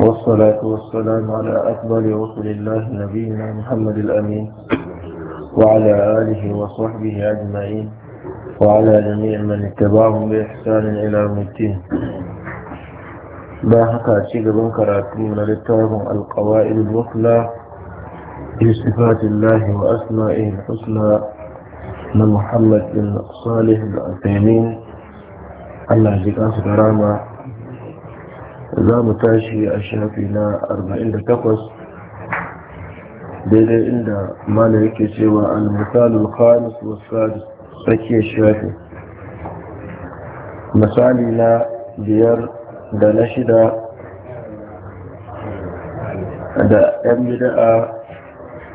والصلاة والسلام على أكبر رسل الله نبينا محمد الأمين وعلى آله وصحبه أجمعين وعلى جميع من اتبعهم بإحسان إلى الدين باحك أشيك بنكراتون للتوهم القوائد المثلى في صفات الله وأسمائه الحسنى من محمد بن صالح العثيمين الله يجزيك أنس za mu tashi a shafi na 48 daidai inda mana yake cewa al-misalul khamis wa sadis tsakiyar shafi misali na biyar da na shida da 'yan bida'a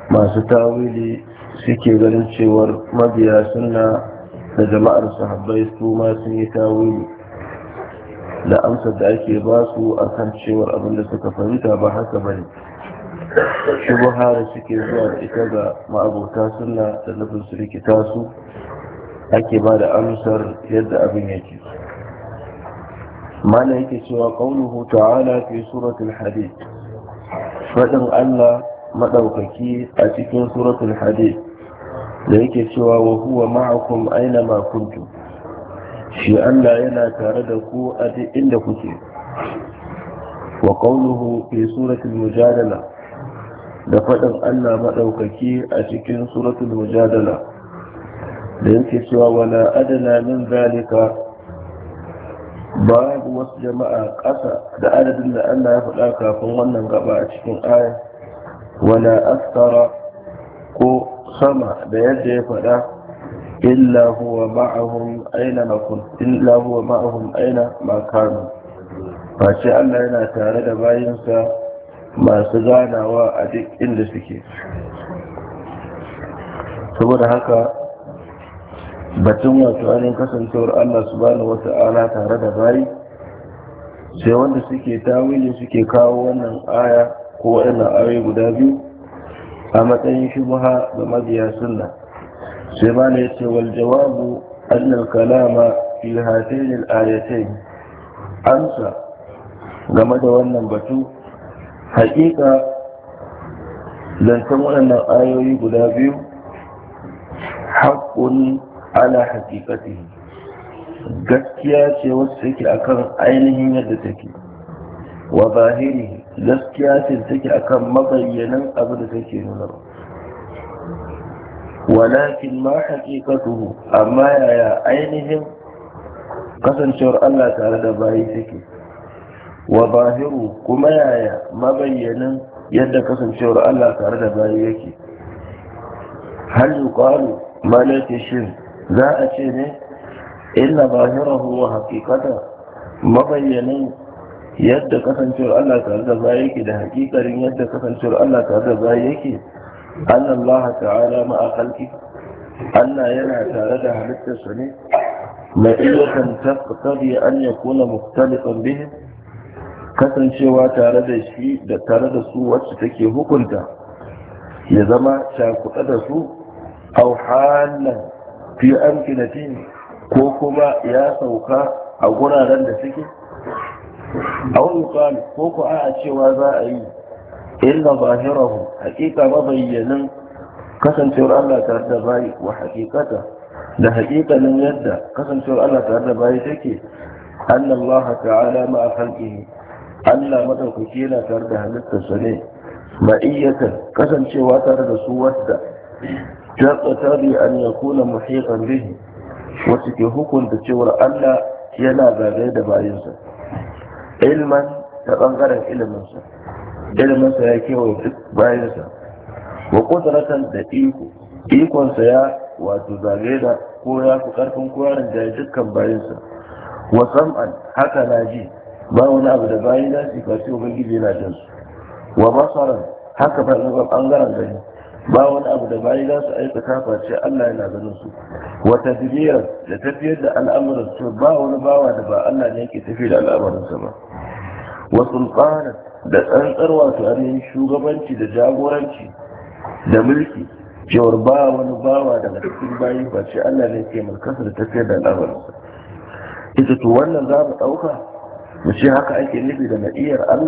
masu tawili suke ganin cewar mabiya suna da jama'ar sahabbai su ma sun yi tawili da amsar da ake ba su a kan cewar abin da suka fahimta ba haka ba ne shubuha da suke zuwa da ita ga ma'abota suna da nufin su rikita su ake ba da amsar yadda abin yake mana yake cewa ƙaunuhu ta'ala fi suratul hadid faɗin allah maɗaukaki a cikin suratul hadid da yake cewa wa huwa ma'akum aina ma kuntum shi Allah yana tare da ku a duk inda kuke wa qawluhu fi suratul mujadala da faɗin Allah maɗaukaki a cikin suratul mujadala da yake cewa wala adana min zalika babu wasu jama'a ƙasa da adadin da Allah ya faɗa kafin wannan gaba a cikin aya wala askara ko sama da yadda ya faɗa إلا هو معهم aina كنت إلا هو معهم أينما كانوا فشاء الله ينا تارد باينسا ما سغانا وأدك saboda haka batun wato ainihin kasancewar Allah subhanahu ala tare da bayi sai wanda suke tawili suke kawo wannan aya ko wannan ayoyi guda biyu a matsayin shubha ga mabiya sunna sai ma ne ce wal jawabu annal kalama fi hatain al-ayatain amsa game da wannan batu haƙiƙa zancen waɗannan ayoyi guda biyu haƙƙun ala haƙiƙati gaskiya ce wasu take akan ainihin yadda take wa zahiri gaskiya ce take akan mabayyanan abu da take nuna walakin ma haƙiƙatuhu amma yaya ainihin kasancewar Allah tare da bayi take wa bahiru kuma yaya mabayyanin yadda kasancewar Allah tare da bayi yake hal yuqalu ma la tashin za a ce ne illa bahirahu wa haqiqata mabayyanin yadda kasancewar Allah tare da bayi yake da haƙiƙarin yadda kasancewar Allah tare da bayi yake أن الله تعالى مع خلقه ألا ينهى تعالى هلت ne. Mai تقتضي أن يكون مختلفا بهم kasancewa tare da shi da tare da su wacce take hukunta ya zama shakuɗa da su au halin fi amkinati ko kuma ya sauka a guraren da suke ko a cewa za a yi illa zahirahu hakika mabayyanin kasancewar Allah tare da bayi wa haƙiƙata da haƙiƙanin yadda kasancewar Allah tare da bayi take annallaha ta'ala ma khalqihi Allah maɗaukaki yana tare da su ne ma'iyyatan kasancewa tare da su wadda jatsatari an ya kuna muhiƙan bihi wasu ke hukunta cewar Allah yana zagaye da bayinsa. ilman ta ɓangaren iliminsa ilminsa ya kewaye duk bayansa wa kudratan da iko ikonsa ya wato zagaye da ko ya fi karfin kwarin da dukkan bayansa wa sam'an haka na ji ba wani abu da bayan da su fasi ubangiji yana jin su wa basaran haka ba na bangaren gani ba wani abu da bayi za su aika kafa ce Allah yana ganin su wa tadbiyar da tafiyar da al'amuran su ba wani bawa da ba Allah ne yake tafi da sa ba wa da tsantsar wato ainihin shugabanci da jagoranci da mulki cewar ba wani bawa daga cikin bayi ba ce Allah ne ke mulkarsa da tafiyar da al'amarinsa ita to wannan za mu ɗauka mu ce haka ake nufi da na'iyar Allah